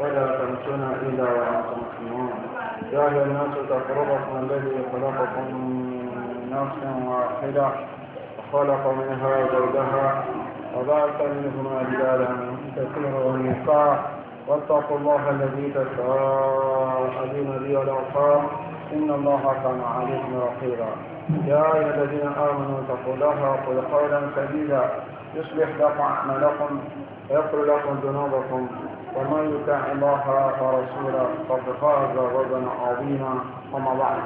ولا تمتون إلا وأنتم مسلمون يا أيها الناس اتقوا ربكم الذي خلقكم من نفس واحدة وخلق منها زوجها وبعث منهما رجالا كثيرا ونساء واتقوا الله الذي تساءلون به والأرحام إن الله كان عليكم رقيبا يا أيها الذين آمنوا اتقوا الله وقولوا قولا سديدا يصلح لكم أعمالكم ويغفر لكم ذنوبكم ومن يطع الله ورسوله فقد فاز فوزا عظيما اما بعد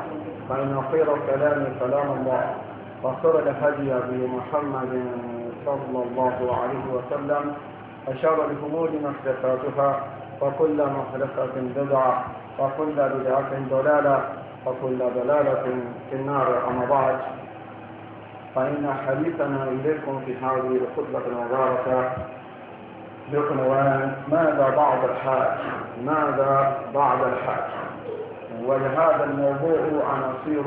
فان خير الكلام كلام الله وخير الهدي بمحمد صلى الله عليه وسلم اشار الامور محدثاتها وكل محدثه بدعه وكل بدعه ضلاله وكل ضلاله في النار اما بعد فان حديثنا اليكم في هذه الخطبه المباركه بعنوان ماذا بعد الحاج ماذا بعد الحاج ولهذا الموضوع عناصير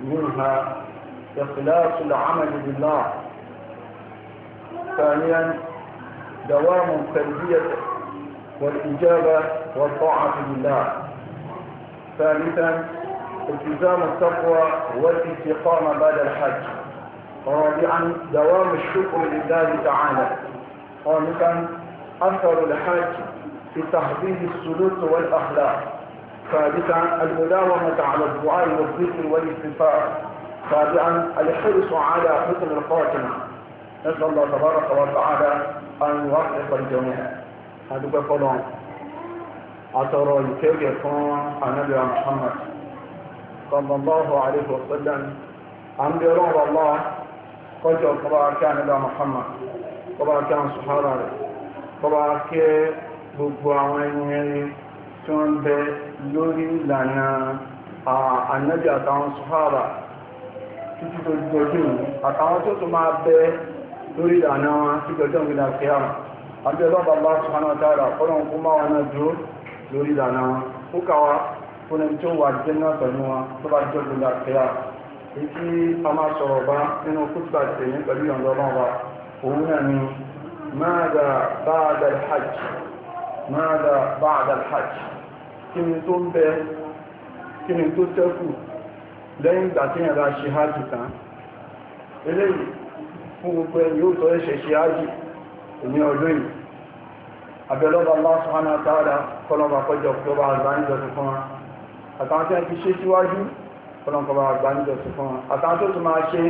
منها إخلاص العمل بالله ثانيا دوام التربية والإجابة والطاعة لله ثالثا التزام التقوى والاستقامة بعد الحج رابعا دوام الشكر لله تعالى خامسا أثر الحاج في تحديد السلوك والأخلاق سادسا المداومة على الدعاء والذكر والاستغفار سابعا الحرص على حسن الخاتمة نسأل الله تبارك وتعالى أن يوفق الجميع هذا فلان اثر الكيف يكون النبي محمد صلى الله عليه وسلم عن بيرون الله قلت الله كان محمد kọba kí àwọn sọ̀hárà rẹ̀ kọba kí gbogbo àwọn ẹni ẹni tí wọ́n bẹ lórí ìlànà ànábì àtàwọn sọ̀hárà títí tó gbọ́jú àtàwọn tó tó máa bẹ lórí ìlànà wọn tí gbọ́jú ìlà kíyàmà àbí ọlọ́ba bá sọ̀hánà dára fọ́lọ́n kó máa wọn dúró lórí ìlànà wọn kó kàwá fún ẹni tó wà jẹ́ pẹ̀lú wọn tó bá jọ́ ìlà kíyàmà èyí tí a máa sọ̀rọ̀ bá nínú kútùbà tèyí pẹ̀lú ìyọ̀ndọ́ náà òun náà ni máàdà báàdà hajj máàdà báàdà hajj kí ni tó ń bẹ kí ni tó tẹ́kù lẹ́yìn ìgbà tí yàrá ṣe hajj tán eléyìí fún gbogbo ẹni yóò tọ́ ẹ̀ṣẹ̀ ṣe hajj òní ọdún yìí abẹ́lọ́bà Allah subhanahu wa ta'ala kọlọ́bà kọjọ kọlọ́bà àgbáyìnjọsí fún wa àtàwọn tí a ti ṣe síwájú kọlọ́bà àgbáyìnjọsí fún wa àtàwọn tó tún máa ṣe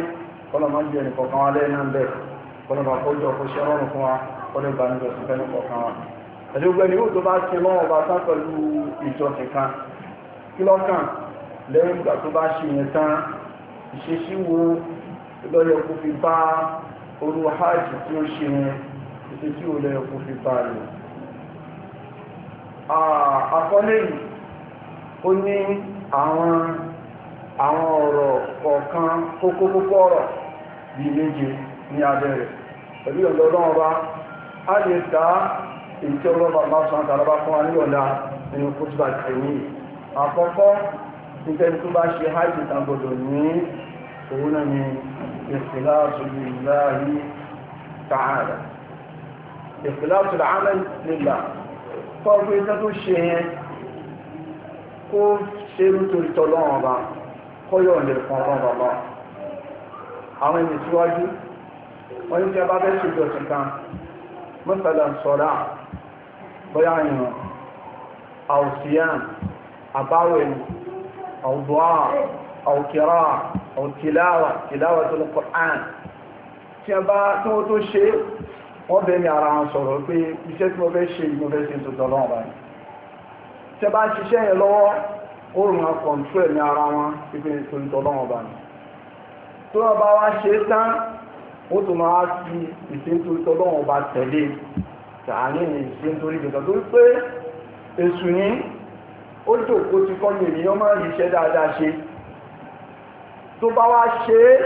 kọlọ́bà jẹ́ nìkọ̀kan alẹ́ náà bẹ̀rẹ̀ kọlọ́mà kójọ kó ṣe rọrùn fún wa kọlọ́ ìgbà níjọ sí fẹ́nu kọ̀ọ̀kan wa ẹ̀dí gbogbo ẹni yóò tó bá ṣe lọ́wọ́ bá sá pẹ̀lú ìjọsìn kan kí lọ́kàn lẹ́yìn ìgbà tó bá ṣe yẹn tán ìṣesí wo lọ́yẹ kó fi bá orú hajj tí ó ṣe yẹn ìṣesí wo lọ́yẹ kó fi bá rẹ̀ àkọlẹ́yìn ó ní àwọn àwọn ọ̀rọ̀ kọ̀ọ̀kan kókó kókó ọ̀rọ̀ bíi méje ní abẹ́rẹ̀ pẹ̀lú ọ̀dọ̀ ọlọ́run bá a lè ta èyí tí ọlọ́run bá máa san tàbí fún wa nílọ̀dá nínú kútùbà kìíní àkọ́kọ́ nítorí tó bá ṣe hajj tàbọ̀dọ̀ ní òun náà ni ikhlasu àwọn ènìyàn síwájú wọ́n ní jẹ́ bá bẹ́ ṣe ìjọsìn kan mọ́sàlá sọ́rá bóyá ìrìn àwòsíyàn àbáwẹ̀ àwùdùá àwùkìrá àwùtìláwà tìláwà tó lọ́kọ̀án tí a bá tó tó ṣe wọ́n bẹ̀rẹ̀ ara wọn sọ̀rọ̀ pé iṣẹ́ tí wọ́n fẹ́ ṣe ìmọ̀fẹ́sẹ̀ tó tọ́lọ́ bá ó tún máa fi ìṣètòrí tọ́lọ́wọ́n bá tẹ̀lé tààní ìṣètòrí gbẹ̀gbẹ̀ tó pé èṣù ní ó jòkó ti kọ́ ní ènìyàn máa rí iṣẹ́ dáadáa ṣe tó bá wá ṣe é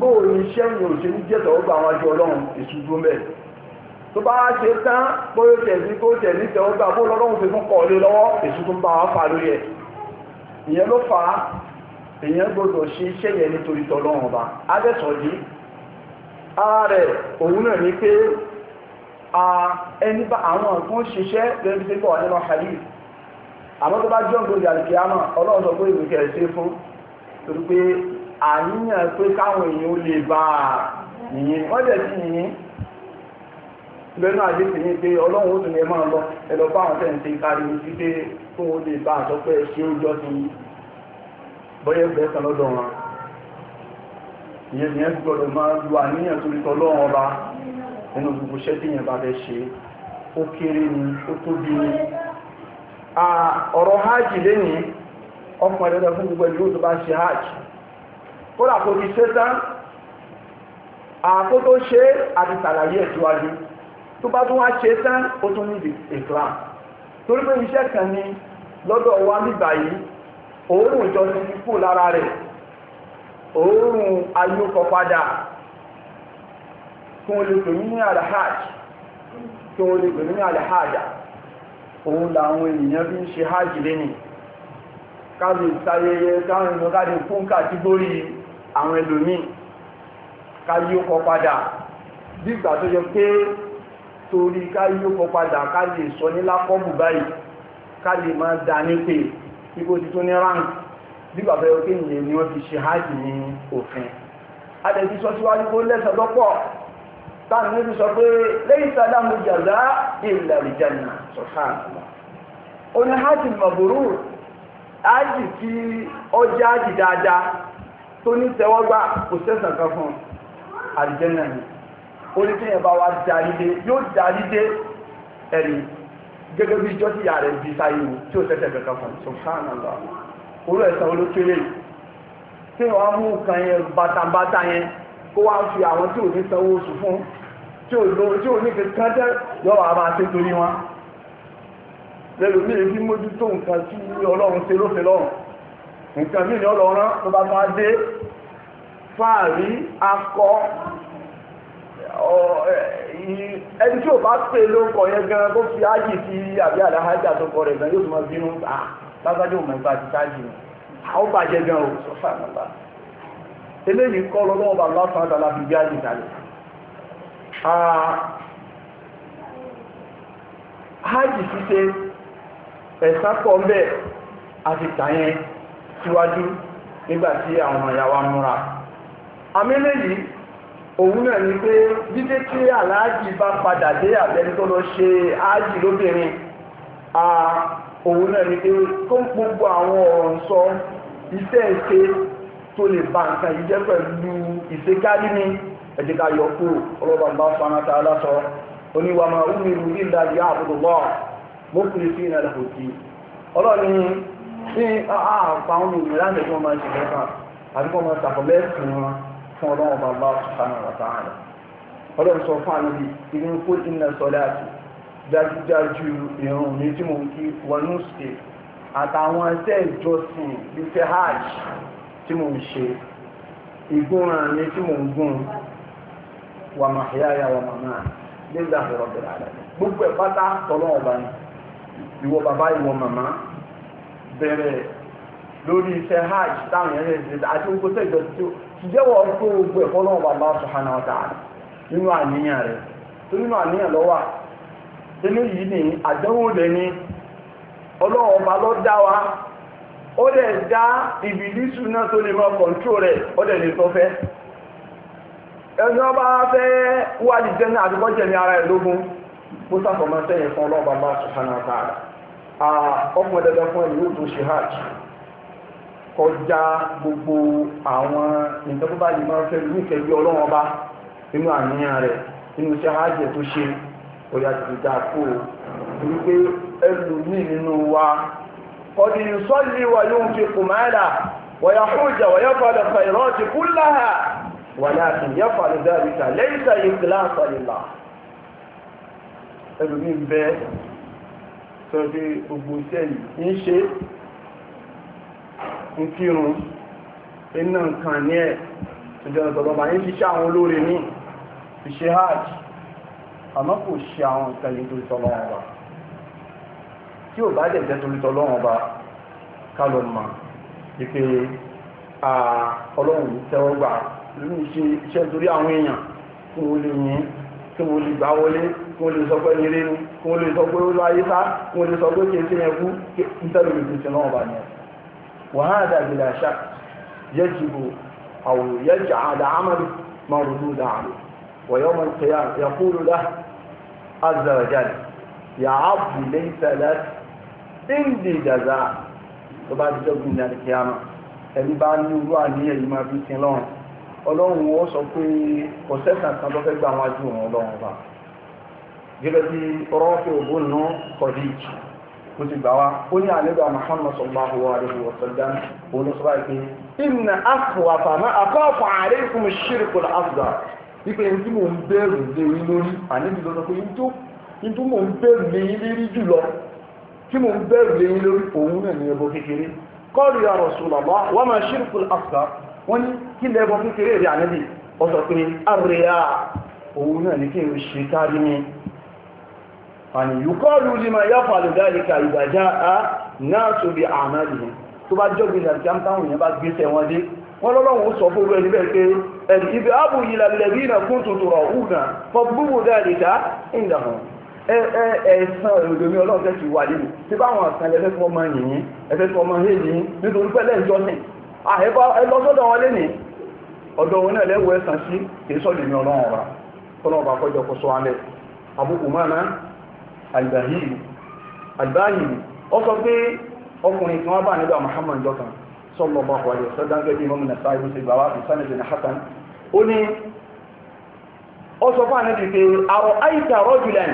bóò ní iṣẹ́ ní òṣèlú jẹ́tọ̀ ó gbà wájú ọlọ́run èṣù tó mẹ́ tó bá wá ṣe tán bóyó tẹ̀sí tó tẹ̀sí tẹ̀ ó gbà bó lọ́lọ́run fi fún kọ̀ọ̀lé lọ́wọ́ èṣù tó bá wá fà lórí ẹ̀ ìyẹn ló fà á èèyàn gbọdọ̀ ṣe iṣẹ́ yẹn nítorí tọ́lọ́run ọba adẹ́sọ̀dí ara rẹ̀ òun náà ní pé ẹni bá àwọn nǹkan ṣiṣẹ́ lẹ́bí tí bọ̀ nínú hadith àmọ́ tó bá jọ́gbò ìyà ìkìyàmọ̀ ọlọ́ọ̀sọ pé ìgbìkẹ̀ ṣe fún torí pé àníyàn pé káwọn èèyàn ó lè bá yìnyín wọ́n jẹ́ sí yìnyín lẹ́nu ní pé ọlọ́run ó tún máa lọ ìyẹn ni ẹ gbọ́dọ̀ máa lu àníyàn torí tọ́lọ́wọ́n ọba nínú gbogbo iṣẹ́ tí yẹn bá fẹ́ ṣe ó kéré ni ó tóbi ni ọ̀rọ̀ hajj lẹ́yìn ọkùnrin dandan fún gbogbo ìlú tó bá ṣe hajj kódà kò fi ṣe tán àkótó ṣe àti tàlàyé ẹ̀tíwájú tó bá tún wá ṣe ni lọ́dọ̀ wa nígbà yìí òórùn ayúkọpadà tí wọ́n lè pè ní alhaj tí wọ́n lè pè ní alhaja òun làwọn ènìyàn bí ń ṣe hajj lẹ́nì káàdì ìsáyẹyẹ káàrin ìmọ̀ káàdì fún kàtígórí àwọn ẹlòmí káyíókọ padà dígbà tó yẹ pé torí káyíókọ padà ká lè sọ nílápọ̀ bù báyìí ká lè máa dà nípe ipò títún ní ránkì bí bàbá ẹ̀rọ kéyìn ni wọ́n fi ṣe hajj ní òfin adẹ̀bí sọ síwájú kó lẹ́sẹ̀ lọ́pọ̀ táwọn níbi sọ pé lẹ́yìn sàdámù jàdá illa aljanna subhanallah ó ní gẹ́gẹ́ bí jọ́sí yà rẹ̀ bí sáyé tí ó sẹ́sẹ̀ kankan fún subhanallah orú ẹ̀sán olókéré tí wọ́n mú kan yẹn bàtàbàtà yẹn kó wá fi àwọn tí ò ní sanwó oṣù fún tí ò lórí tí ò ní fi kán tẹ́ lọ́wọ́ àbá ṣe torí wọn lẹ́nu mi èyí mójútó nǹkan tí ọlọ́run ṣe ló fi lọ́rùn nǹkan mí ni ọlọ́run tó bá máa dé fáàrí akọ ẹni tí ò bá pè ló ń kọ yẹn gan kó fi áyì sí àbí àdáhájà tó kọ rẹ̀ gan yóò tún máa bínú lágbájọ́ òmọ̀ ìgbà àti táàjì rẹ̀ àwọn bàjẹ́ gan o sọ fàánàlá eléyìí kọ́ lọ́wọ́ bá lásán àtàlà fi gbé àyè kalẹ̀ hajj ṣíṣe ẹ̀sán pọ̀ ń bẹ̀ àti tàyẹn síwájú nígbàtí àwọn ọmọ ìyàwó múra àmìlẹ̀ yìí òun náà ni pé dídé tí aláàjì bá padà dé àbẹ́ni tó lọ ṣe áàjì lóbìnrin òun náà ni pé kó ń gbogbo àwọn ọ̀rọ̀ sọ iṣẹ́ ìṣe tó lè ba nǹkan yìí jẹ́ pẹ̀lú ìṣekárí ni ẹ jẹ́ ọlọ́ba bá fana ta aláṣọ oníwàmà umiru illa liya'budullah mukhlisina lahu-d-din ọlọ́ni ní àpàwọn òmìnira nìkan máa ṣe lẹ́ka àti kọ́ máa ṣàkọlẹ́ fún wọn fún ọlọ́run bàbá na ta ọlọ́run sọ fún sọ́lá àti dájúdájú ìrùn mi kí wọnú ṣe àtàwọn ẹsẹ́ ìjọsìn hajj tí mo ń ṣe ìgúnran mi tí mo ń gún wà màáyáyà wà màmá nígbà ìrọ̀ bẹ̀rẹ̀ àlẹ́ gbogbo ẹ̀ pátá tọ́lọ́ ọ̀bá ni ìwọ bàbá ìwọ màmá bẹ̀rẹ̀ lórí iṣẹ́ hajj táwọn ẹ̀rẹ́ ìṣẹ́ àti gbogbo ti jẹ́wọ́ tó gbogbo ẹ̀kọ́ náà nínú àníyàn rẹ̀ tó nínú àníyàn lọ́wọ́ tẹ́lẹ̀ yìí ní àdánwò lẹ́ ní ọlọ́wọ́ ọba ló dá wa ó dẹ̀ dá ìbìlísù náà tó lè máa kọ̀ǹtró rẹ̀ ó dẹ̀ lè sọ fẹ́ ẹni wọn bá fẹ́ wà ní jẹ́ ní àdúgbọ́jẹ̀ ní ara ẹ̀ lógún kó sàfọ̀mọ́ sẹ́yìn fún ọlọ́ọ̀bá bá subhanahu wa ta'ala ọkùnrin dandan fún ẹni yóò tó ṣe hajj kọjá gbogbo àwọn nǹkan bá lè máa fẹ́ níkẹ̀ẹ́ bí ọlọ́wọ́n bá nínú àníyàn rẹ̀ nínú iṣẹ́ hajj tó ṣe ó yá ti dá kó o wípé ẹlòmíì nínú wa kọ́ni sọ́ọ̀lì wa yóò fi kùmáàlà wọ́yà kújà wọ́yà fàlẹ̀ fàìrọ́ọ̀tì kúláhà wàláàkì yẹ́ fàlẹ̀ dáríta lẹ́yìnta ìkìlá àfàlìlà ẹlùmí bẹ́ sọ́dé gbogbo iṣẹ́ ń ṣe ń kírun iná nǹkan ní ẹ̀ ṣùgbọ́n ọ̀tọ̀lọ́bà ń ṣiṣẹ́ àwọn olóore ní ìṣe hajj àmọ́ kò ṣe àwọn nǹkan yìí torí tọ́lọ́wọ́n ọba tí ò bá dẹ̀ jẹ́ torí tọ́lọ́wọ́n ọba ká lọ mọ̀ wípé ọlọ́run tẹ́wọ́gbà lórí iṣẹ́ torí àwọn èèyàn kí wọ́n lè yìn kí wọ́n lè gbá wọlé kí wọ́n lè sọ pé ní rínú kí wọ́n lè sọ ó láyé ويوم القيامة يقول له عز وجل يا عبد ليس لك عندي جزاء وبعد ذلك من القيامة ẹni bá ní irú àníyàn yìí máa fi sin lọ́rùn ọlọ́run ó sọ pé kò sẹ́sàn kan tó fẹ́ gbà wọn ju òun ọlọ́run ọba gẹ́gẹ́ bí rọ́ọ̀fì ògbónà kọ̀díjì kò sì gbà wá ó ní àlébà Muhammad sallallahu alaihi wa sallam òun ló sọ báyìí pé inna akwafa ma akọ́fà alaykum shirkul asghar wípé ẹni tí mò ń bẹ̀rù lé yín lórí àníbi lọ́dọ̀ pé yín tó mò ń bẹ̀rù lé yín lérí jùlọ tí mò ń bẹ̀rù lé yín lórí òun náà ní ẹbọ kékeré kọ́ọ̀lù ya Rasulullah wọ́n máa ṣírùkù àfà wọ́n ní kí lẹ́bọ kékeré rí àníbi ọ̀sọ̀ pé àríyá òun náà ní kí n ṣe kárí ni àní yùkọ́ọ̀lù lima yaf'alu dhalika idha jaa nasu bi a'malihim tó bá jọ́gbìn àti àmtáwọn èèyàn bá gbéṣẹ́ wọn dé wọ́n lọ́lọ́wọ́ sọ fóró ẹni bẹ́ẹ̀ pé ìbáàbù ìlà lẹ́bínà kún tuntun ọ̀húnà fọ́bùbù dáadìta ìdáhùn ẹ̀ẹ̀sán ìròdòmí ọlọ́ọ̀tẹ́ ti wà nínú tí báwọn àṣà ẹ̀fẹ́ fún ọmọ yìnyín ẹ̀fẹ́ fún ọmọ yìnyín nítorí pẹ́lẹ̀ ìjọsìn ẹlọ́sọ́dọ̀ wọn lẹ́nìí ọ̀dọ̀ wọn náà lẹ́wọ̀ ẹ̀sàn sí ìṣọ́dìmí ọlọ́run sallallahu alaihi wasallam gẹ́gẹ́ bí mọ́mìnà sáà ibùsùn ìgbàwá ìsánìbìn hasan ó ní ó sọ fún àníbi pé àrọ̀ àìsà rajulan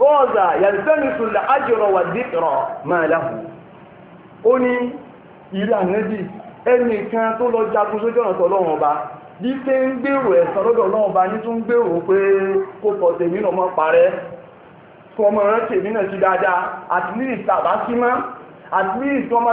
gọ́ọ̀zà yaltamisu al-ajra wa dhikra ma lahu ó ní ilé àníbi ẹnìkan tó lọ jagun sójú ọ̀nà tọ́lọ́run ọba bí pé ń gbèrò ẹ̀san lọ́dọ̀ náà ọba ní tún gbèrò pé kó pọ̀ tèmi náà mọ́ parẹ́ kọmọ rántí èmi náà sí dáadáa àtìlíìsì àbá símá àtìlíìsì ọmọ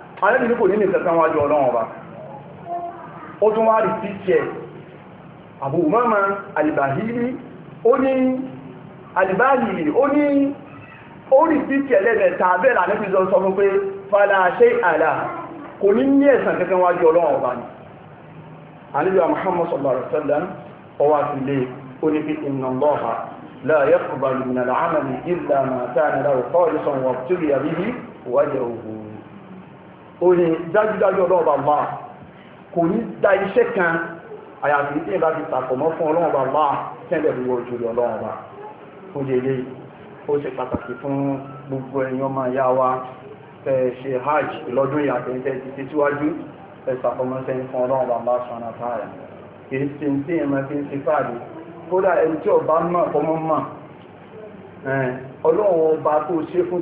àrẹ́bìnrin kò ní ní ìtẹ́sán wájú ọlọ́run ọba ó tún wá rí píkẹ́ Abu Umama alìbáhìlì ó ní alìbáhìlì ó ní ó rí píkẹ́ lẹ́mẹ̀ta bẹ́ẹ̀lá ní pìzọ sọ fún pé fàdà ṣe kò ní ní ẹ̀sàn kẹta ọlọ́run ọba ni wa ibtuliya òní dájúdájú ọlọ́ọ̀bà bá kò ní da iṣẹ́ kan àyàfi tí ìbá fi tàkọ̀mọ́ fún ọlọ́ọ̀bà bá tẹ́lẹ̀ wọ ìjòyè ọlọ́ọ̀bà ó lè lè ó ṣe pàtàkì fún gbogbo ẹ̀yin ọmọ ìyá wa fẹ́ ṣe hajj lọ́dún ìyàtẹ̀ntẹ́ ti ti síwájú fẹ́ tàkọ̀mọ́sẹ́ fún ọlọ́ọ̀bà bá sọ̀nà táyà kìí ṣe tí ẹ̀mọ́ fi ń ṣe fáàdì kódà ẹni tí ọba mọ̀ fọmọ́ mọ̀ ọlọ́wọ́ ọba tó ṣe fún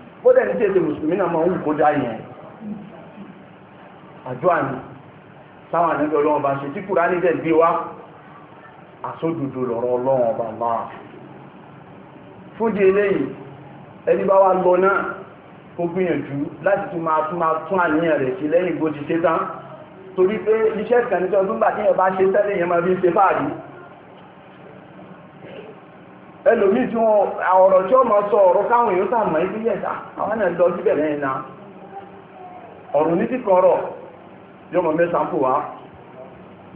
bọ́dẹ̀ ní tẹ́lẹ̀ mùsùlùmí náà máa ń wù kó dá yẹn àdúrà ni táwọn àníbẹ̀ ọlọ́run bá ṣe tí kùrá ní tẹ́ gbé wá àsódùdù lọ́rọ̀ ọlọ́run ọba bá fúnjẹ eléyìí ẹni bá wá lọ náà ó gbìyànjú láti tún máa tún máa tún àníyàn rẹ̀ sí lẹ́yìn bó ti ṣe tán torí pé iṣẹ́ kan ẹlòmíì tí wọn ọ̀rọ̀ tí wọ́n máa sọ ọ̀rọ̀ káwọn èèyàn sàmà ibi yẹ̀ta ah, àwọn náà lọ síbẹ̀ lẹ́yìn náà ọ̀rùn ní kíkan rọ̀ yọmọ mẹ́ta kò wá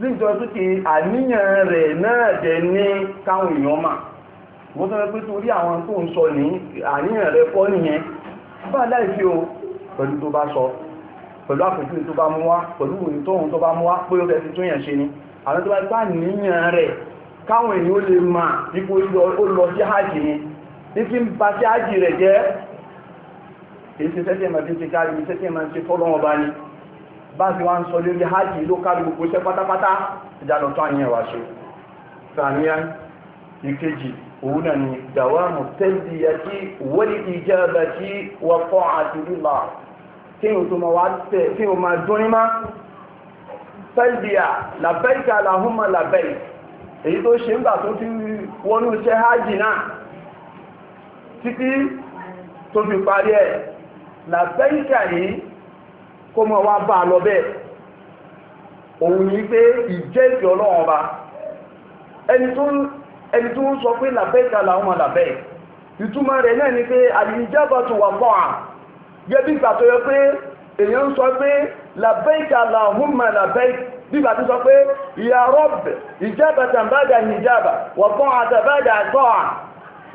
níjọ tó ti àníyàn rẹ̀ náà jẹ ní káwọn èèyàn mà wọ́n tọ́rọ pé torí àwọn tó ń sọ ní àníyàn rẹ̀ fọ́ nìyẹn bá láìsí o pẹ̀lú tó bá sọ pẹ̀lú àpẹ̀jú tó bá mú wá pẹ̀lú òyìn tó káwọn èèyàn ó lè máa ipò ó lọ sí hajji ni ní tí ń bá sí hajji rẹ̀ jẹ́ èsì sẹ́sẹ̀ máa ti ṣe kárí sẹ́sẹ̀ máa ṣe fọ́lọ́wọ́ bá ní bá sí wá ń sọ lórí hajji ló kárí gbogbo iṣẹ́ pátápátá ìdálọ́ tó àníyàn wá ṣe sàníyàn ìkejì òun náà ni dàwámù èyí tó ṣe ń gbà tó fi wọnú iṣẹ́ hajji náà títí tó fi parí ẹ̀ làbẹ́yíkà yìí kó mọ́ wá bá lọ bẹ́ẹ̀ òun yìí pé ìjẹ́ ìfẹ́ ọlọ́run ọba ẹni tó ń sọ pé làbẹ́yíkà làwọn làbẹ́ ìtumọ̀ rẹ̀ náà ni pé àdìjábọ̀ tó wà fọ́ à yẹ bí gbà tó yẹ pé èèyàn ń sọ pé làbẹ́yíkà làwọn làbẹ́yíkà bíbà tó sọ pé ìyá rọ́bẹ̀ ìjábà tàbádà ìjábà wọ̀pọ̀ àtàbádà àtọ́à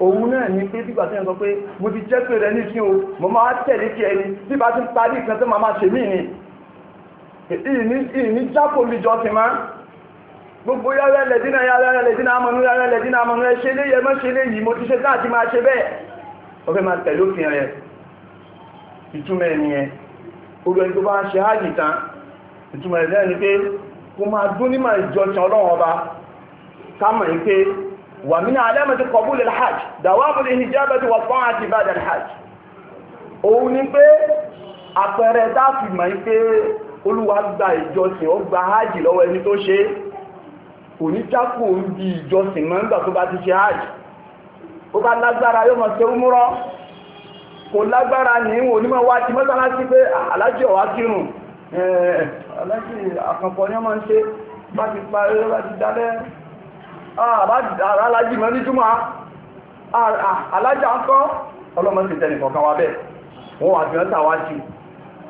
òun náà ní pé bíbà tó sọ pé mo ti jẹ́ pé rẹ ní kí o mo máa tẹ̀lé kí ẹni bíbà tó parí ìkan tó máa ṣe mí ni ìní jápò mi jọ ti máa gbogbo yára lẹ́dínà yára lẹ́dínà amọ̀nú yára lẹ́dínà amọ̀nú ẹ ṣe lé yẹ mọ́ ṣe lé yìí mo ti ṣe láti máa ṣe bẹ́ẹ̀ ọ̀fẹ́ máa tẹ̀lé òfin rẹ̀ ìtumẹ̀ nìyẹn ìtumọ̀ ẹ̀dẹ́ ni pé kó máa dún nímọ̀ ìjọsìn ọlọ́run ọba kámọ̀ ní pé wà mí náà alẹ́ kọ̀bú lè hajj dàwọ́ àbúlé ní jẹ́ bẹ́tí wà fún àti ìbàdàn hajj òun ni pé àpẹẹrẹ dáàfì mọ̀ ní pé olúwa gba ìjọsìn ó gba hajj lọ́wọ́ ẹni tó ṣe kò ní jákù òun di ìjọsìn mọ́ nígbà tó bá ti ṣe hajj ó bá lágbára yóò mọ̀ ṣe ń múrọ́ kò lágbára ní onímọ̀ wá ti mọ́sálásí pé ah, alájọ́ wá kírun aláṣì àkànpọ̀ ní ọmọ ṣe bá ti parí bá ti dálẹ́ alájì mọ́ ní túnmọ́ alájà ń kọ́ ọlọ́mọ sí tẹ́nì kọ̀ọ̀kan wa bẹ́ẹ̀ wọ́n wà fíọ́ntà wá sí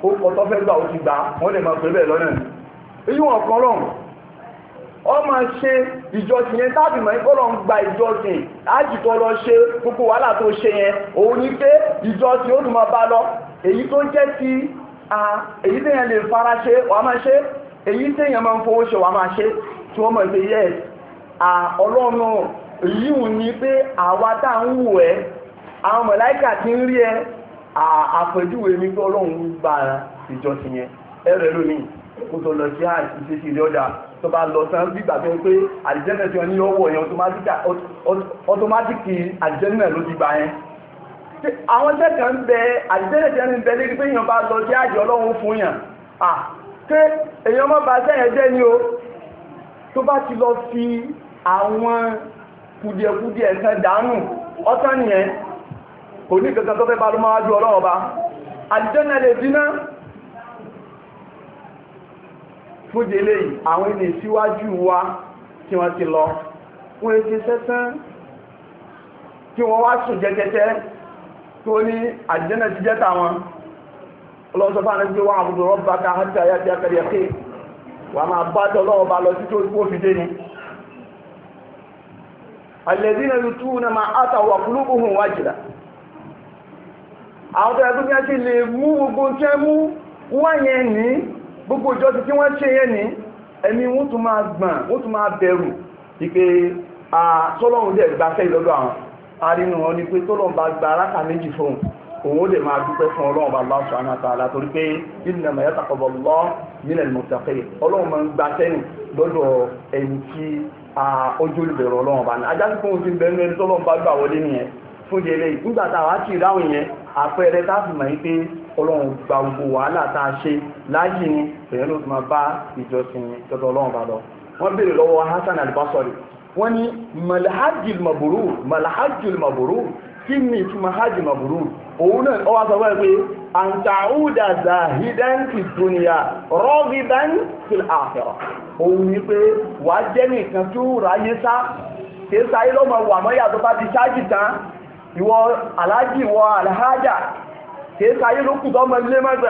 ó kọ́tọ́ fẹ́ gbà ó ti gbà wọ́n lè máa pè bẹ́ẹ̀ lọ́nà èyí wọn kan lọ́n ọ ma ṣe ìjọsìn yẹn tábì mọ́ ìkọ́lọ̀ ń gba ìjọsìn ájìtọ́ lọ èyí tí yẹn lè fara ṣe wà máa ṣe èyí tí yẹn máa ń fowó ṣe wà máa ṣe tí wọ́n mọ̀ pé yes ọlọ́run yíò ní pé àwa tá ń wù ẹ́ àwọn mọ̀láìkà tí ń rí ẹ àpèjúwe mi pé ọlọ́run gba ìjọsìn yẹn ẹ̀rẹ̀ lónìí kó tó lọ sí ìṣesí ilé ọjà tó bá lọ sán gbígbà tó ń pé àdìjẹ́nà tí wọ́n ní ọwọ́ yẹn ọtọmátìkì àdìjẹ́nà ló ti gbà yẹn àwọn tẹ́kà ń bẹ àdìsẹ́lẹ̀ tẹ́ ń bẹ lérí pé èèyàn bá lọ sí àjọ ọlọ́run fún yàn à pé èèyàn mọ́ bá sẹ́yẹn jẹ́ ní o tó bá ti lọ fi àwọn kùdìẹ̀kùdìẹ̀ kan dànù ọ̀tán nìyẹn kò ní kankan tó fẹ́ bá ló máa ju ọlọ́run ọba àdìsẹ́lẹ̀ lè dínà fúnjẹ eléyìí àwọn ilé síwájú wa tí wọ́n ti lọ wọ́n ti sẹ́sán tí wọ́n wá sùn jẹ́jẹ́jẹ́ tó ní àjẹ́nà ti jẹ́ tàwọn ọlọ́sọ́fà náà gbé wọ́n àbúrò rọ́bà ká hàtí àyà ti akẹ́rẹ́ ẹ̀kẹ́ wà máa bá tọ́lọ́wọ́ bá lọ sí tó kó fi dé ni alẹ́dínà lùtú na máa átà wà kúlúkùhùn wá jìlá àwọn tó yàtọ̀ kí lè mú gbogbo tí ẹ mú wáyẹn ní gbogbo ìjọ ti tí wọ́n ṣe yẹn ní ẹ̀mí wọ́n tún máa gbọ̀n wọ́n arínú wọn ni pé tọ́lọ́n bá gba aráka méjì fún òun ó lè máa dúpẹ́ fún ọlọ́run bá lọ́wọ́ sọ́nà tààlà torí pé innama yataqabbalullahu minal muttaqin ọlọ́run máa ń gba sẹ́nu lọ́dọ̀ ẹ̀yìn tí ojú olùbẹ̀rẹ̀ ọlọ́run bá ní ajá fún òfin bẹ́ẹ̀ ní tọ́lọ́run bá gbà wọlé nìyẹn fún jẹlẹ nígbà tá a wá kì í ráhùn yẹn àpẹẹrẹ tá a fi mọ̀ yín pé ọlọ́run gba gbogbo wàhálà tá a ṣe láyé ni èèyàn ló fi máa bá ìjọsìn tọ́tọ́ ọlọ́run bá lọ wọ́n béèrè lọ́wọ́ Hasan al wọ́n ní malhajjul mabrur malhajjul mabrur kí ni ìtumọ̀ hajj mabrur òun náà ọwá sọ wọ́n pé an ta'uda zahidan fi dunya raghiban fil akhirah òun ni pé wà jẹ́ nìkan tó ráyé sá kìí sáyé lọ́mọ wà mọ́yà tó bá ti ṣáàjì tán ìwọ aláàjì wọ alhaja kìí sáyé ló kù tọ́mọ ilé mẹ́gbẹ́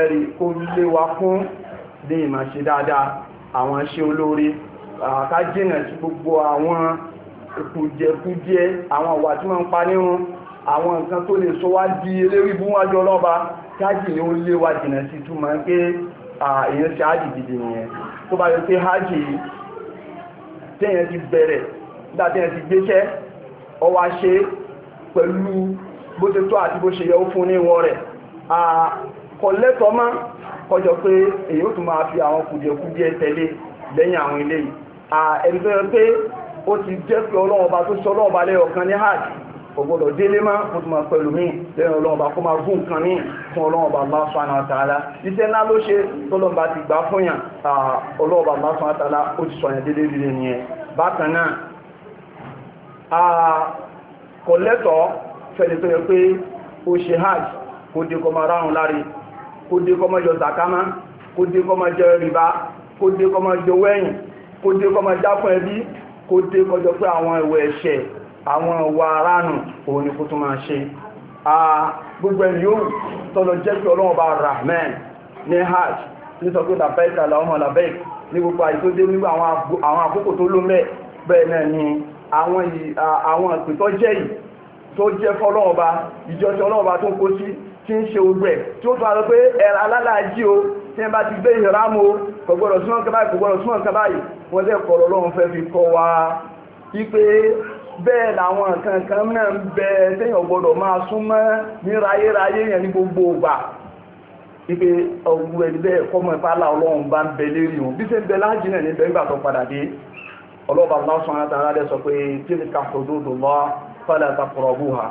ẹ̀rì kó lé wa fún ní ìmọ̀ ṣe dáadáa àwọn iṣẹ́ olóore ká jìnà sí gbogbo àwọn kùjẹkùjẹ àwọn ìwà tí wọ́n ń pa nírun àwọn nǹkan tó lè sọ wá di eléwí bú wájú ọlọ́ba káàkì ni ó lé wa jìnà sí túmọ̀ pé èèyàn ṣe ájì gidi nìyẹn tó bá yẹ pé ájì tẹ́yẹn ti bẹ̀rẹ̀ nígbà tẹ́yẹn ti gbéṣẹ́ ọwá ṣe pẹ̀lú bó ṣe tó àti bó ṣe yẹ ó fún níwọ̀n rẹ̀ kò lẹ́tọ̀ọ́ má kọjọ pé èyí ó tún máa fi àwọn kùdìẹ̀kùdìẹ̀ tẹ̀lé lẹ́yìn àwọn ilé yìí ẹni tó yẹ pé ó ti jẹ́ pé ọlọ́run ọba tó sọ ọlọ́run ọba lẹ́yọ̀ kan ní hajj kò gbọdọ̀ délé má kó tún máa pẹ̀lú míì lẹ́yìn ọlọ́run ọba kó máa gún nǹkan míì fún ọlọ́run ọba Allah subhanahu wa yẹ pé ó ṣe hajj kó dé máa ráhùn láre kó dé kọ́ mọ́jọ zakama kó dé kọ́ mọ́jọ rìbá kó dé kọ́ mọ́jọ wẹ́yìn kó dé kọ́ mọ́jọ fún ẹbí kó dé kọjọ pé àwọn ìwẹ̀ ẹ̀ṣẹ̀ àwọn ìwà aránù òun ni kó tún máa ṣe gbogbo ẹni yóò tọ́lọ jẹ́ pé ọlọ́run bá rahman ní hajj ní sọ pé labẹ́ẹ̀kì aláwọ̀mọ̀ labẹ́ẹ̀kì ní gbogbo àyí tó dé nígbà àwọn àkókò tó ló mẹ́ bẹ́ẹ̀ náà ni àwọn ìpè tó jẹ́ yìí tó jẹ́ fọ́lọ́run bá ìjọ́sí ọlọ́run bá tó kó sí tí ń ṣe ogbẹ̀ tí ó tó àrọ pé ẹ̀rà alálàájí o tí ẹ bá ti gbé ìhìrámù o kọ̀gbọ̀rọ̀ súnmọ́ kan báyìí kọ̀gbọ̀rọ̀ súnmọ́ kan báyìí wọ́n tẹ́ kọ̀rọ̀ lọ́wọ́n fẹ́ fi kọ́ wa wípé bẹ́ẹ̀ làwọn nǹkan kan náà ń bẹ téèyàn gbọ́dọ̀ máa súnmọ́ ní rayéráyé yẹn ní gbogbo ìgbà wípé ọgbù ẹni bẹ́ẹ̀ kọ́mọ ìpàlà ọlọ́run bá ń bẹ lérí wọn bí ṣe ń bẹ láàjì náà ní bẹ́ẹ̀ nígbà tó padà dé ọlọ́ba lásán àtàrà dẹ́ sọ pé tí ní kàfọ́dọ́dọ́ lọ́ fàlẹ́ àtàkùrọ̀ bù ha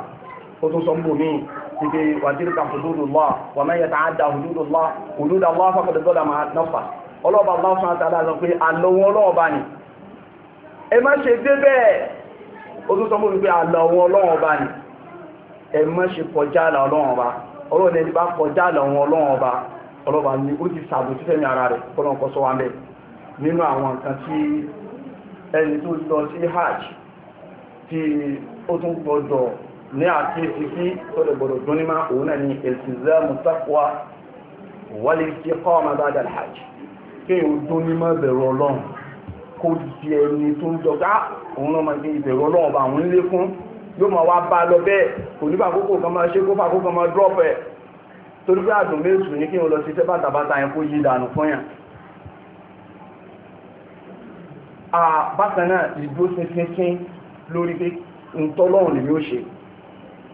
ó tún sọ ń bò míì síbi wàtíríkà hududullah wa man yata'adda hududullah hududullah faqad zalama nafsa ọlọ́ọ̀bà lásán àtàlà sọ pé àlọ́wọ́ ọlọ́ọ̀bà ni ẹ má ṣe dé bẹ́ẹ̀ ó tún sọ mọ́rin pé àlọ́wọ́ ọlọ́ọ̀bà ni ẹ má ṣe kọjá àlà ọlọ́ọ̀bà ọlọ́ọ̀nà ẹni bá kọjá àlà ọlọ́ọ̀bà ọlọ́ọ̀bà ni ó ti sàbòtúfẹ́ ní ara rẹ̀ kọ́lọ́ọ̀kọ́ sọ wa ní àkíyèsí sí ọdọ̀gbọ̀dọ̀ tó ní máa òun náà ní ìltìzámù taqwa wal istiqama ba'da al-hajj kí o tó ní máa bẹ̀rù ọlọ́run kó di ẹni tó ń jọgá òun náà máa gbé ìbẹ̀rù ọlọ́run bá àwọn ilé fún yóò máa wá bá lọ bẹ́ẹ̀ kò ní fàkókò kan máa ṣe kó fàkókò máa drop pé àdùn méjì ní ó ṣe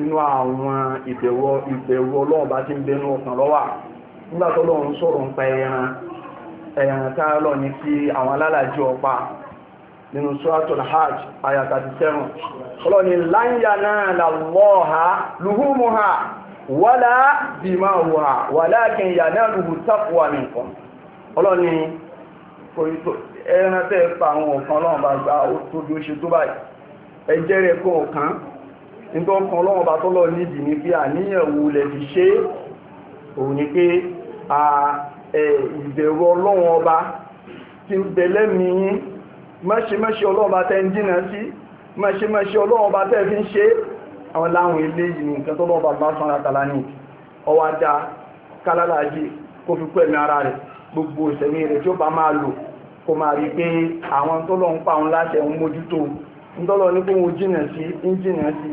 nínú àwọn ìbẹ̀wò ìbẹ̀wò bá ti ń bẹnu ọ̀sán lọ́wà nígbà tó sọ̀rọ̀ ń pa ẹran ẹran a lọ ní kí àwọn alálàájì ọpa nínú suratul hajj nígbọ́ kan ọlọ́wọ́ bá tọ́lọ níbi ní pé àníyànwó lẹ̀ fi ṣe òun ni pé ìbẹ̀rù ọlọ́wọ́ ọba ti bẹ̀lẹ́ mi yín mọ́ṣẹ́mọ́ṣẹ́ ọlọ́ọ̀bá tẹ́ ń dínà sí mọ́ṣẹ́mọ́ṣẹ́ ọlọ́ọ̀bá tẹ́ fi ń ṣe àwọn láwọn ilé yìí nǹkan tó lọ́ọ̀bá bá sọ́nà tààlà ní ọwá dá kálálàájì kó fi pẹ̀lú ara rẹ̀ gbogbo ìsẹ̀mí rẹ̀ tí ó bá máa lò kó máa rí pé àwọn tó lọ ń pa òun láṣẹ sí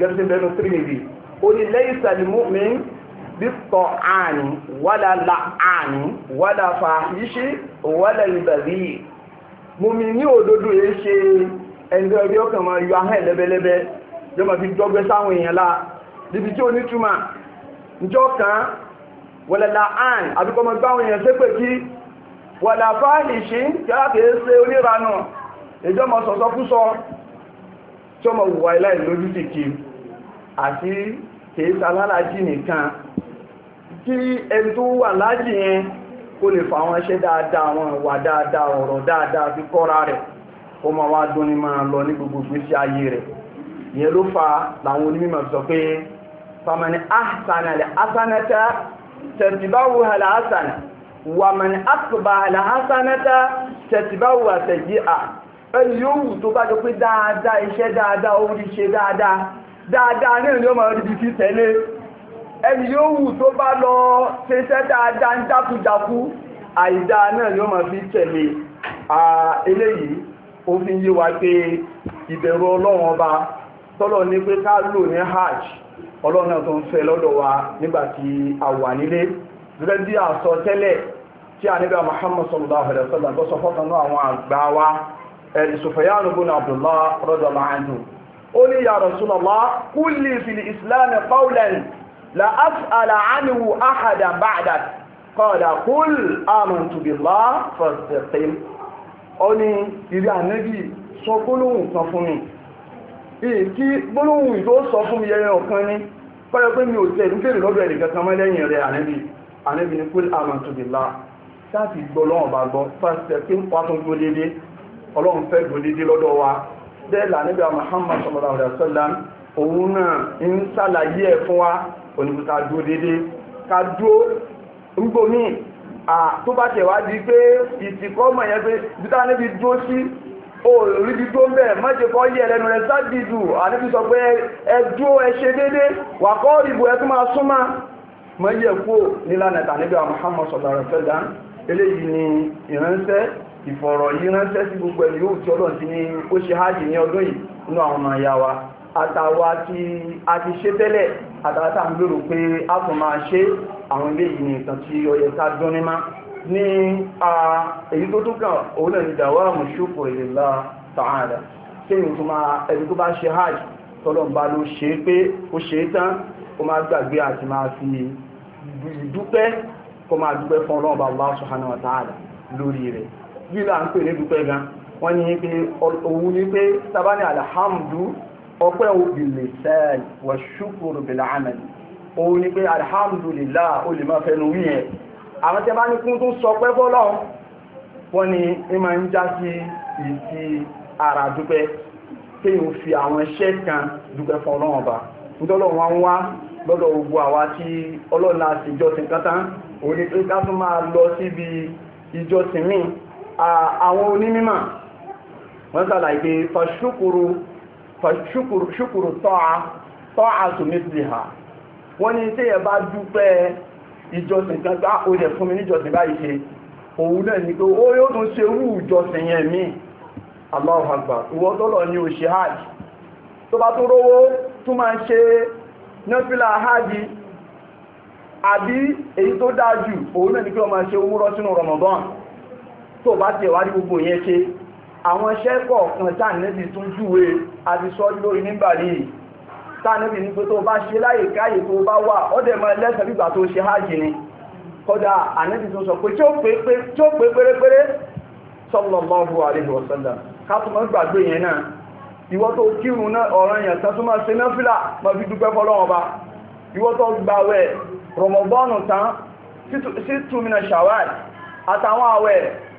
gẹ́gẹ́ bẹ́ẹ̀ ní Tirmidhi ó ní laysa lil mu'min bíkọ̀ àní wàlá la àní wàlá fa yíṣí wàlá ìbàbí mùmí ní òdodo yìí ṣe ẹgbẹ́ orí ọkàn máa yọ ahẹ́ lẹ́bẹ́lẹ́bẹ́ yọ ma fi dọ́gbẹ́ sáwọn èèyàn la níbi tí ó ní túmọ̀ níjọ́ kan wàlá la àní àbíkọ́ máa gbáwọn èèyàn ṣépè kí wàlá fa yíṣí kí á kìí ṣe oníranù ìjọ́ máa sọ̀sọ́ fúsọ tí ó máa wùwà ilá ìlójútì kiri àti kèéta lálàájì nìkan kí ẹni tó wà láàájì yẹn kó lè fà àwọn iṣẹ́ dáadáa àwọn ìwà dáadáa ọ̀rọ̀ dáadáa fi kọ́ra rẹ̀ kó máa wá dúnni máa lọ ní gbogbo ìgbésí ayé rẹ̀ ìyẹn ló fa làwọn onímọ̀ sọ pé famani ahsana lè asanata tẹ̀síbáwò hàlà asana wàmàni àtùbà hàlà asanata tẹ̀síbáwò àtẹ̀yí à ẹni yóò wù tó bá jọ pé dáadáa iṣẹ́ dáadáa ó rí ṣe dáadáa dáadáa náà ni ó máa fi tẹ̀lé ẹni yóò wù tó bá lọ ṣeṣẹ́ dáadáa ń jákújákú àìdá náà ni ó fi eléyìí o fi wa pé ìbẹ̀rù ọlọ́run ọba tọ́lọ̀ ní pé ká lò ní hajj ọlọ́run náà tó ń fẹ́ lọ́dọ̀ wa nígbàtí a wà nílé gẹ́gẹ́ bí àsọ tẹ́lẹ̀ tí a nígbà Muhammad àwọn àgbà wa ó ní ya Rasulullah kulli fil islam qawlan la as'ala anhu ahadan ba'dak qala qul amantu billahi fastaqim ó ní ìrí ànẹ́bì sọ gbólóhùn kan fún mi ìkí gbólóhùn tó sọ fún mi yẹrẹ ọ̀kan ní pẹ́rẹ pé mi ò tẹ́ ìrúfèrè lọ́dọ̀ ẹ̀nìkan kan mẹ́lẹ́yìn rẹ̀ ànẹ́bì ànẹ́bì ní qul amantu ọlọ́run fẹ́ gbó dédé lọ́dọ̀ wa bẹ́ẹ̀ lànàbí Muhammad sallallahu alaihi wasallam òun náà ń sàlàyé ẹ̀ fún wa onígbòta dúó dédé ká dúó nígbòmí tó bá tẹ̀wá di pé ìsìnkọ́mọ̀ yẹn pé bíta níbi dúó sí olùríbi tó ń bẹ̀ mọ́jẹ́ kọ́ yẹ lẹ́nu rẹ̀ sáàdìdù àníbi sọ pé ẹ dúó ẹ dédé wà kọ́ ìbò ẹ máa súnmá mọ́jẹ́ kó nílànà tàníbí Muhammad sallallahu alaihi wasallam eléyìí ni ìránṣẹ́ ìfọ̀rọ̀ yìí ránṣẹ́ sí gbogbo ẹni yóò tí ọlọ́n ní ó ṣe hajji ní ọdún yìí àwọn ọmọ wa àtàwà tí a ti ṣe tẹ́lẹ̀ ń pé a tún máa ṣe àwọn ilé yìí ní ti ọyẹ ká dún ní má ní èyí tó tún kàn òun náà ni tààdà tí èyí tó fi dúpẹ́ kó máa dúpẹ́ fún ọlọ́run bá lórí gílà ń pè ní dúpẹ́ gan wọ́n ní pé òun ní pé sábàní alhamdu ọpẹ́ òbílẹ̀ sẹ́ẹ̀lì wà ṣúkúrò bìlà àmàlì òun ní pé alhamdulillah ó lè máa fẹnu wí yẹn àwọn tẹ́ bá ní kún tó sọ pẹ́ fọ́lọ́ wọ́n ní ẹ máa ń já sí ìsí ara dúpẹ́ tí yóò fi àwọn iṣẹ́ kan dúpẹ́ fún ọlọ́run ọba nítorí wọn wá lọ́dọ̀ gbogbo àwa tí ọlọ́run láti ìjọsìn kátán òun ní pé ká tún máa lọ síbi ìjọsìn míì àwọn onímímà wọ́n sàlà ìpé fàṣúkùrù tọ́à tó mẹ́sìlì ha wọ́n ni tí ẹ bá dúpẹ́ ìjọsìn kan tó ó jẹ fún mi níjọsìn báyìí ṣe òun náà ni pé ó yóò tún ṣe rú ìjọsìn yẹn mí Allahu Akbar ìwọ́n tọ́lọ̀ ní òṣè hajj tó bá tún rówó tún máa ṣe nọ́fílà hajj àbí èyí tó dájú òun náà ni pé ó máa ṣe umúrọ́ sínú Ramadan tó bá ti ẹ̀wà ní gbogbo yẹn ṣe àwọn iṣẹ́ kọ̀ọ̀kan tánẹ́bì tún júwe àdìsọ́ lórí nígbà ní tánẹ́bì ní pé tó bá ṣe láyè káyè tó bá wà ọdẹ mọ́ ẹlẹ́sẹ̀ bígbà tó ṣe hajj ni kódà ànẹ́bì tún sọ pé tí ó pé pérépéré sallallahu alaihi wasallam ká tún mọ́ gbàgbé yẹn náà ìwọ tó kírun náà ọ̀ràn yẹn tán tún máa ṣe náfìlà máa fi dúpẹ́ fọlọ́wọ́n ba ìwọ tó gbàwẹ̀ rọmọbọ́ọ̀nù tán sí túnmínà ṣàwáì àtàwọn àwẹ̀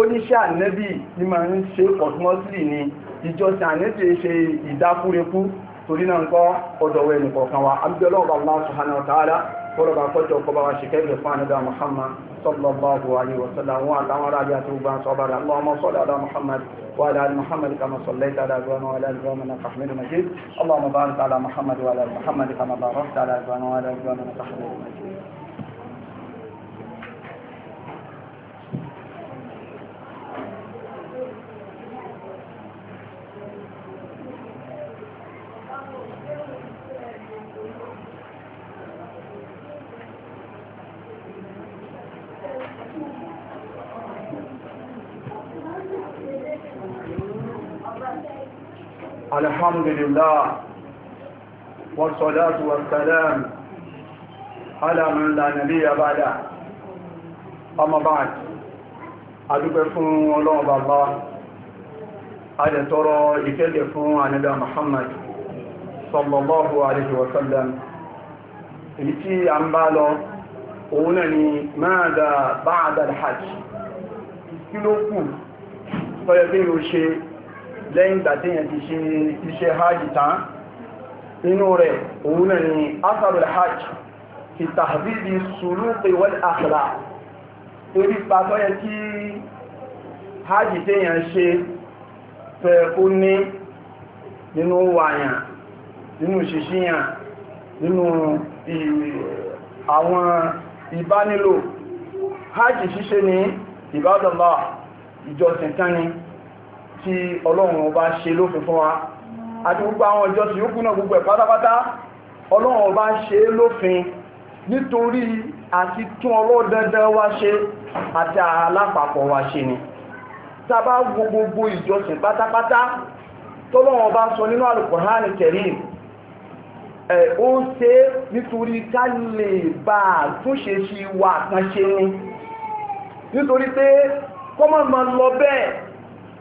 oníṣẹ́ ànẹ́bì ní ma ń ṣe ọ̀túnmọ́sílì ni ìjọsìn ànẹ́bì ṣe ìdákúrekú torí náà ń kọ́ ọdọ̀wọ̀ ẹnì kọ̀ọ̀kan wa abdullah allah subhanahu wa ta'ala kọ́rọ̀bà kọjọ kọba wa ṣe kẹ́gbẹ̀ fún ànẹ́bà muhammad sallallahu alaihi وعلى محمد كما صليت على ابراهيم وعلى ال ابراهيم انك اللهم بارك على محمد وعلى محمد كما باركت على ابراهيم وعلى ال ابراهيم انك الحمد لله والصلاة والسلام على من لا نبي بعده أما بعد adúgbẹ́ fún ọlọ́run bàbá adẹ̀tọ́rọ ìkẹ́gẹ̀ fún ànìdà Muhammad sallallahu alaihi wa sallam èyí tí a ń bá lọ òun náà ni madha ba'da al-hajj kí ló kù tọ́yẹ bí i ó ṣe lẹ́yìn ìgbà tí yẹn ti ṣe iṣẹ́ hajj tán inú rẹ̀ òun náà ni asarul hajj fi tahdidi suluqi wal akhlaq torí pàtọ́ yẹ kí hajj tí yẹn ṣe fẹ́ kó ní nínú wàyàn nínú ṣiṣíyàn nínú àwọn ìbánilò hajj ṣíṣe ní ìbádọ́lá ìjọsìn kan ni tí ọlọ́run ọba ṣe lófin fún wa àti gbogbo àwọn ọjọ́ tí ó kúnnà gbogbo ẹ̀ pátápátá ọlọ́run ọba ṣe lófin nítorí àti tún ọlọ́dandan wa ṣe àti alápapọ̀ wa ṣe ni tàbá gbogbo ìjọsìn pátápátá tọ́lọ́run ọba sọ nínú Al-Qur'ani Karim ó ń ṣe nítorí ká lè bá túnṣe sí wa kan ṣe ni nítorí pé kọ́mọ̀ mọ̀ lọ bẹ́ẹ̀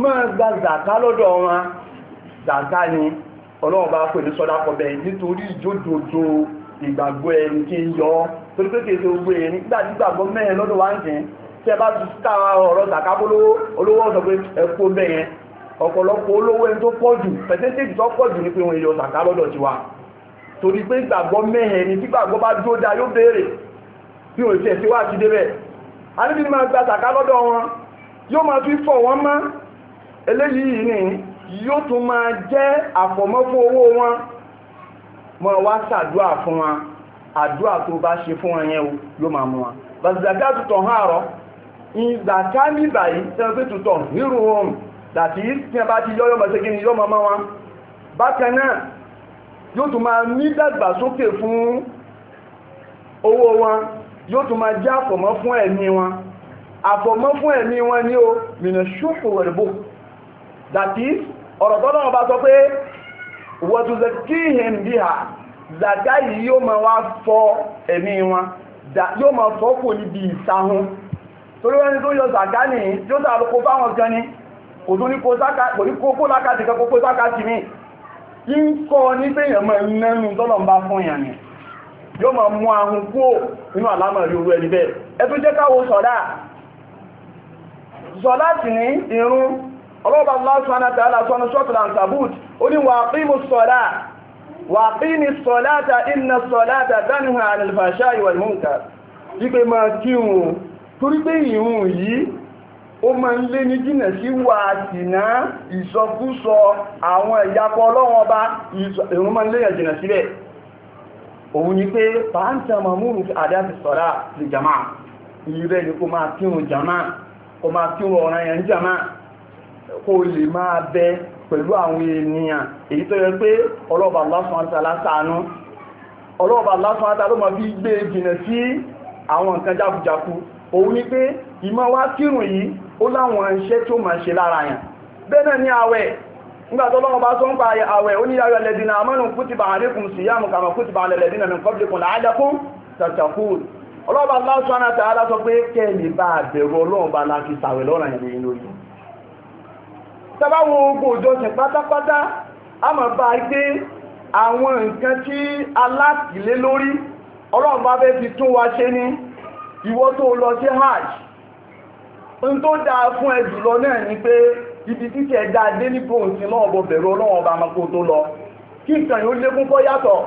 máa gba zàká lọ́dọ̀ wọn zàká ni ọlọ́run bá pè ní sọ́dá kọ̀bẹ̀ nítorí ìjódòdó ìgbàgbọ́ ẹni kí ń yọ torí pé kèsè ogbó ẹni gbàdí gbàgbọ́ mẹ́rin lọ́dọ̀ wá ń jìn tí ẹ bá ti ká ọ̀rọ̀ zàká olówó ọ̀sọ̀ pé ẹ̀kọ́ bẹ́yẹn ọ̀pọ̀lọpọ̀ olówó ẹni tó pọ̀ jù pẹ̀sẹ́ntèjì tó pọ̀ jù ní pé wọ́n yọ zàká lọ́dọ̀ tiwa torí pé ìgbàgbọ́ mẹ́rin ni tí gbàgbọ́ bá dúró dá yóò béèrè bí òun ti ẹ̀ ti wá ti débẹ̀ a níbi máa gba zàká lọ́dọ̀ wọn yóò máa fi fọ̀ wọ́n mọ́ eléyìí ni yóò tún máa jẹ́ àfọ̀mọ́fún owó wọn mọ́ wá sàdúà fún wọn àdúà tó bá ṣe fún wọn yẹn yóò máa mú wọn bàtìzàká tutọ̀ hàn àrọ́ ìzàká ní báyìí tẹ́lẹ̀ pé tutọ̀ nírú ohun dàtí tí a bá ti yọ́ yọ́mọ̀ ṣégin yọ́ mọ́ wọn àfọ̀mọ́ fún ẹ̀mí wọn àfọ̀mọ́ fún ẹ̀mí wọn ní o that is ọ̀rọ̀ ọba sọ pé wọ̀túnṣe kí him bí ha zaka yìí yóò máa wá fọ ẹ̀mí wọn yóò máa fọ́ kò níbi ìsáhún torí wọ́n ni tó yọ zaka ní yóò sàrùkó fáwọn kan ní kò tó ní kó lákàtì kan kó kó sákàtì kí ń kọ́ ní pé èèyàn mọ̀ bá fún èèyàn yóò máa mú ọlọ́ọ̀bà lásán àtàlà sọ́nà ṣọ́tìlá sàbúùt ó ní wà pímù sọ́lá wà pímù sọ́lá ta iná sọ́lá ta dánihà àlìfàṣà ìwà ìmúǹkà wípé máa kírun torí pé ìrun yìí ó máa ń lé ní jìnà sí wà sínà ìsọkúsọ àwọn ìyapọ̀ ọlọ́wọ́n bá ìrun máa ń léyàn jìnà síbẹ̀ kó lè máa bẹ pẹ̀lú àwọn ènìyàn èyí tó yẹ pé ọlọ́ọ̀bà lásán àtàlá sànú ọlọ́ọ̀bà lásán àtàlá ma fi gbé jìnà sí àwọn nǹkan jákujàku òun ni pé ìmọ̀ wá kírùn yìí ó láwọn iṣẹ́ tó máa ṣe lára yàn bẹ́ẹ̀ ni àwẹ̀ nígbàtọ́lọ́wọ́ bá tó ń pa àwẹ̀ oníyàwó lẹ́dínà amọ́nù kútìbà àríkùn síyàmù kàmà kútìbà lẹ́dínà min qablikum la'allakum bá bẹ̀rù ọlọ́ọ̀bà láti sàwẹ̀ lọ́rọ̀ yẹn lórí tàbáwọn ogun òjọsìn pátápátá a mọ̀ bá gbé àwọn nǹkan tí alátìlé lórí ọlọ́run bá fẹ́ fi tún wa ṣe ní ìwọ tó lọ sí hajj n tó dáa fún ẹ jùlọ náà ni pé ibi títí ẹ̀dá dé ní bóòsì náà bọ̀ bẹ̀rù ọlọ́run ọba mako tó lọ kí nǹkan yóò lékún kọ́ yàtọ̀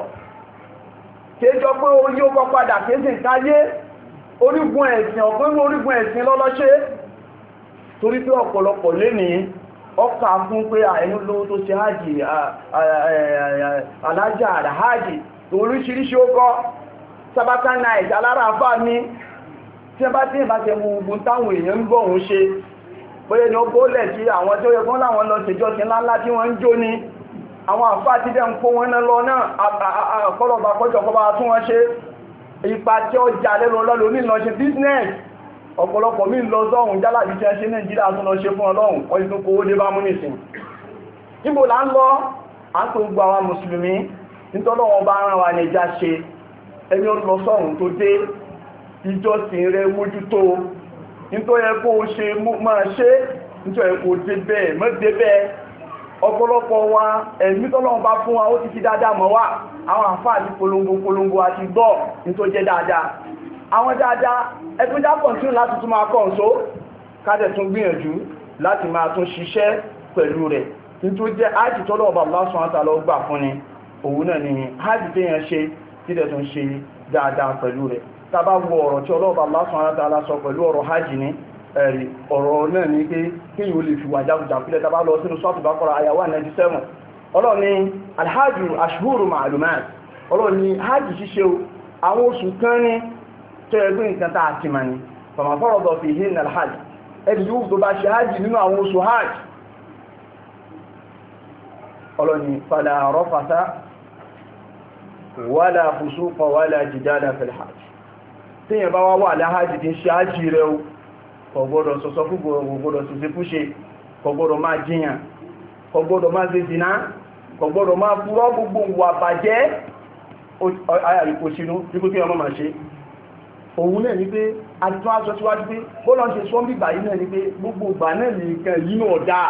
kéjọ pé orí ó kọ́ padà kéjì ń káyé orígun ẹ̀sìn ọ̀gbọ́n orígun ẹ̀sìn lọ́lọ́ṣẹ́ torí pé ọ̀pọ̀lọpọ̀ lénìí ọkà fún pé àìmú lówó tó ṣe hajji alájà àrà hajji oríṣiríṣi ó kọ́ sabata night alára àfà ní tí bá tí ìbá tẹ mú ogun táwọn èèyàn ń bọ̀ òun ṣe bóyé ní ó bólẹ̀ tí àwọn tí ó yẹ fún láwọn lọ ṣèjọ́ sí ńláńlá tí wọ́n ń jó ní àwọn àfà tí dẹ̀ ń kó wọn lọ náà àkọlọ̀bà kọjọ̀kọba tún wọ́n ṣe ipa tí ó jà lẹ́rọ lọ́lọ́ onílọ́ṣe business ọ̀pọ̀lọpọ̀ mí lọ sọ́hun jálà bí ṣe ṣe nàìjíríà tún lọ ṣe fún ọlọ́run ọdún tó kówó dé bá mú nìsìn níbo là ń lọ à ń tó gbogbo àwọn mùsùlùmí nítọ́lọ́wọ́ bá rán wa nìjà ṣe ẹni ó lọ sọ́hun tó dé ìjọsìn rẹ mójútó nítorí yẹ àwọn dáadáa ẹgbẹ́já kọ̀ntínú láti tún máa kọ̀ǹsó kájẹ̀ tún gbìyànjú láti máa tún ṣiṣẹ́ pẹ̀lú rẹ̀ nítorí jẹ́ ájì tọ́lọ̀ ọba lásán àtàlọ gbà fún ni òun náà ni ájì tí yẹn ṣe tí dẹ̀ tún ṣe dáadáa pẹ̀lú rẹ̀ tàbá wo ọ̀rọ̀ tí ọlọ́ọ̀bà lásán àtàlá sọ pẹ̀lú ọ̀rọ̀ hájì ní ẹ̀rì ọ̀rọ̀ náà ní pé kí yóò lè fi wà jágùjàpílẹ̀ tàbá lọ sínú sọ́ọ̀tù bá tó ẹgbẹ́ nǹkan tá a ti mà ní fàmàfọ́rọ̀dọ̀ fi hin alhaj ẹni yóò tó bá ṣe hajj nínú àwọn oṣù hajj ọlọ́ni fàlà rọ́fàtà wàlà fùsùkọ̀ wàlà jìdádà fil hajj tí yẹn bá wá wà láhájì tí ń ṣe ọmọ máa ṣe òun náà ni pé àtúntò aṣọ síwájú pé bó lọ́n ṣe sọ́n bíbà yìí náà ni pé gbogbo ìgbà náà ní nǹkan yìí náà dáa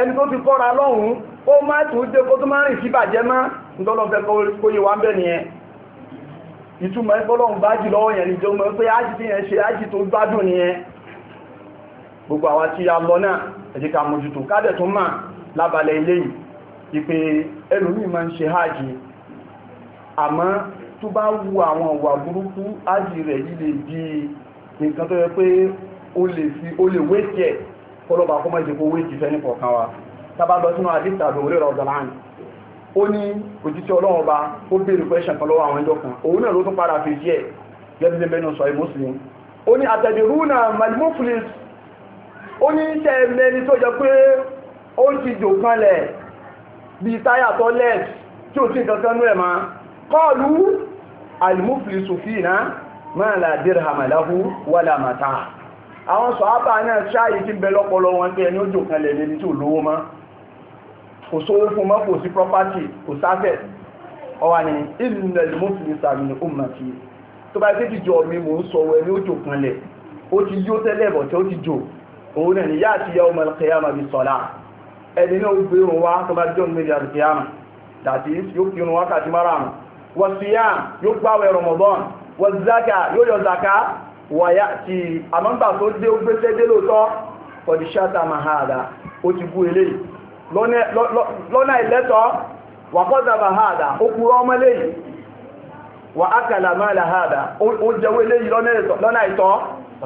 ẹni tó ti kọ́ra lọ́hùn-ún ó má tún dé kó tó má rìn sí bàjẹ́ má ńlọ́lọ́ fẹ́ kó yé wa ń bẹ̀ nìyẹn ìtumọ̀ ìfọ́lọ́hùn a lọ náà ẹ jẹ́ ká mójútó kádẹ̀ tó máa lábalẹ̀ ilé yìí ìpè ẹlòmíì máa ń àmọ́ tó bá wu àwọn ìwà burúkú ájì rẹ̀ yìí lè di nǹkan tó yẹ pé ó lè fi ó lè wéjẹ̀ kọlọ́bà kọ́mọ́ ìdìbò wéjì fẹ́ nípa ọ̀kan wa tábà lọ sínú àdìsá àbẹ̀ òrèrè ọ̀dọ̀láàni ó ní òjíṣẹ́ ọlọ́run ọba ó béèrè question kan lọ́wọ́ àwọn ẹjọ́ kan òun náà ló tún padà al-muflisu fina ma la dirhama lahu wala mata' àwọn sọ̀hábà náà ṣáàyí tí bẹ lọ́pọlọ wọn pé ẹni ó jò kan lẹ̀ lẹ́ni tí ò lówó mọ́ kò sówó fún mọ́ kò sí property kò sáfẹ́ ọwà ní ìlúlẹ̀ mọ́sílẹ̀sà ní ọmọkí tó bá ṣe ti jọ mi mò ń sọ ẹni ó jò kan lẹ̀ ó ti yó tẹ́lẹ̀ bọ̀ tí ó ti jò òun náà ni àti yá ọmọ kẹyàmà bí sọ̀lá ẹni náà gbé irun wá tó bá jọ mẹ́rin àti kẹyàmà dàtí yóò fi wákàtí márùn wasiyam yóò gbáwẹ̀ Ramadan wazaka yóò yọ zaka wàyá ti àmọ́gbà tó dé ó gbé tẹ́dé lóòtọ́ ọdíṣàtà mahada ó ti bú ilé lọ́nà ìlẹ́tọ́ wàkọ́dà mahada ó kúrọ ọmọ lè wà ákàlà máàlà hada ó jẹwé lè lọ́nà ìtọ́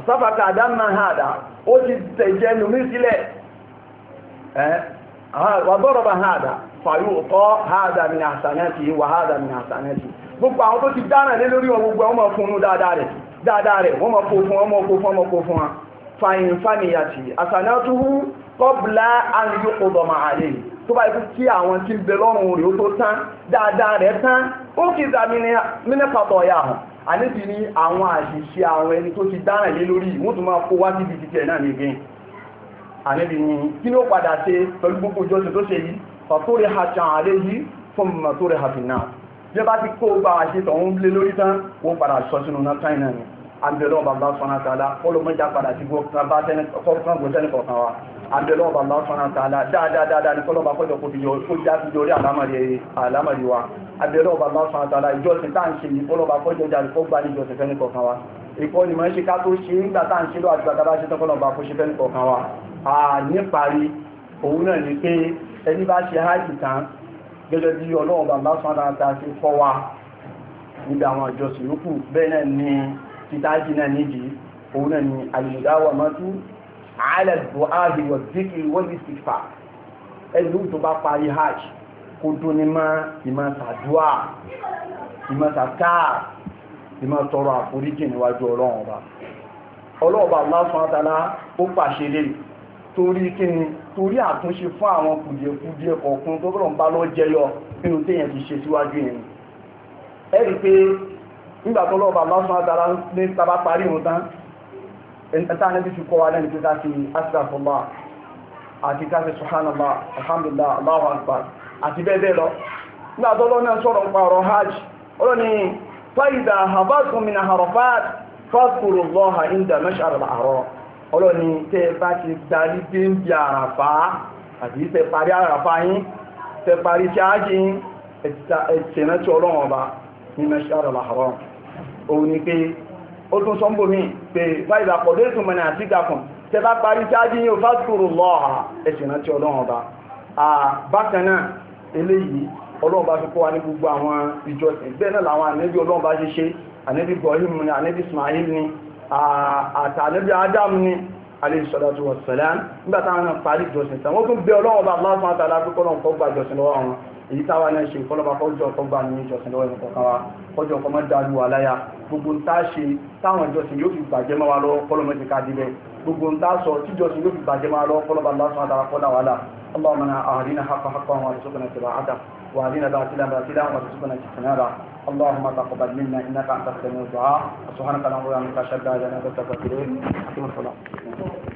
sáfàkà àdá mahada ó ti tẹ̀jẹ́ nùmí sílẹ̀ wàdọ́rọ̀bà hádà fàyú ọkọ́ hádà mi àsànẹ́tì wà hádà mi àsànẹ́tì gbogbo àwọn tó ti dára lé lórí wọn gbogbo ọmọ fún un dáadáa rẹ̀ wọ́n mọ̀ kó fún ọmọ kó fún ọmọ kó fún wọn fàyín fàníyàtì àsànẹ́tùhù kọ́bùlá àríyókòdọ̀mà àlè tó bá ikú kí àwọn tí ń àníbi ni kí ló padà ṣe pẹ̀lú gbogbo ìjọsìn tó ṣe yìí fàtórí hàṣàn àlẹ́ yìí fún mọ̀tórí hàfìnà bí bá ti kó bá ṣe tọ̀hún lé lórí tán wọ́n padà sọ sínú náà china ni àbẹ̀lọ́ bàbá sọ́nà tààlà ọlọ́mọjà padà sí kọ́kọ́ àbẹ̀lọ́ ni sọ́nà tààlà dáadáa ní kọ́lọ́bà kọ́jọ kò fi yọ ó já sí orí àlámàrí wa àbẹ̀lọ́ bàbá sọ́nà tààlà ìjọsìn tá ń ṣe ní kọ́lọ́bà kọ́jọ jáde kó gbá ní ìjọsìn fẹ́ ká tó ṣe ń gbà tá ń ṣe lọ́ àti gbàtàbá ṣe tán kọ́lọ́bà kó ṣe fẹ́ ní wa àní parí òun náà ni pé ẹni bá ṣe hajj tán gẹ́gẹ́ bí ọlọ́run bàbá sọ́dáta ti kọ́ wa níbi àwọn ìjọsìn yòókù bẹ́ẹ̀ náà ni títàjì náà nídi òun náà ni àyùdáwà mọ́tú àálẹ̀bọ̀ ààbìwọ̀ díkìrì wọ́n bí sífà ẹlú tó bá parí hajj kó dún ní mọ́ ìmọ̀sàdúà ìmọ̀sàkáà ìmọ̀tọrọ àforíjì níwájú ọlọ́run ọba ọlọ́ọ̀bà lásán àtàlá ó pàṣẹ lélẹ̀ torí kíni torí àtúnṣe fún àwọn kùdìẹ̀kùdìẹ̀ kọ̀ọ̀kan tó bọ́lọ̀ ń bá lọ jẹyọ nínú téèyàn ti ṣe síwájú yẹn ẹ̀rí pé nígbà tó lọ́ọ̀bà lásán agbára ní tàbá parí ìrùn tán ẹ̀ntà níbi ti kọ́ wa lẹ́nu pé káṣí asìkàfọ́lá àti káṣí sùhánàlá alhamdulillah Allahu akbar àti bẹ́ẹ̀ àrọ̀fáà fásitì rọ̀ lọ́ha àrọ̀ ọlọ́ni tẹ́ ẹ bá ti darí dé ń bi àràfá àti tẹ́ parí àràfá yín tẹ́ parí ṣáájì yín ẹ̀tẹ̀rántí ọlọ́run ọba ní mẹ́ṣára làárọ̀ òun ni pé ó tún sọ́mbò mí pé báyìí làpọ̀ lórí tún mẹ́rin àti gàkùn tẹ́ bá parí ṣáájì yín ò fásitúrù lọ́ọ̀hà ẹ̀tẹ̀rántí ọlọ́run ọba bákan náà eléyìí ọlọ́run bá fi kọ́ wa ní gbogbo àwọn ìjọsìn bẹ́ẹ̀ náà làwọn ànẹ́bí ọlọ́run bá ṣe ṣe ànẹ́bí Ibrahim ni ànẹ́bí Ismail ni àtàlẹ́bí adam ni aléṣọ́lájú wọ̀sẹ̀lẹ́m nígbàtà wọn parí jọsìn tán wọ́n tún bẹ ọlọ́wọ́ bá lásán àtàlá pé kọ́lọ̀ kọ́ gbà jọsìn lọ́wọ́ wọn èyí táwa náà ṣe kọ́lọ̀ bá kọ́jọ́ kọ́ gbà ní jọsìn lọ́wọ́ ẹ̀mọ̀ kọ̀ọ̀kan wa kọ́jọ́ kọ́ mọ́ dájú wa láyà gbogbo ń tá ṣe táwọn jọsìn yóò fi bàjẹ́ mọ́ wa lọ́wọ́ kọ́lọ̀ mọ́ ti ká débẹ̀ gbogbo ń tá sọ tí jọsìn yóò fi bàjẹ́ mọ́ wa lọ́wọ́ kọ́lọ̀ bá lásán àtàlá kọ́lá wa lá اللهم اهدنا حق حقا وارزقنا اتباعه وارزقنا باطلا باطلا وارزقنا اجتنابه اللهم تقبل منا انك انت السميع الدعاء سبحانك اللهم وبحمدك اشهد ان لا اله الا انت استغفرك واتوب اليك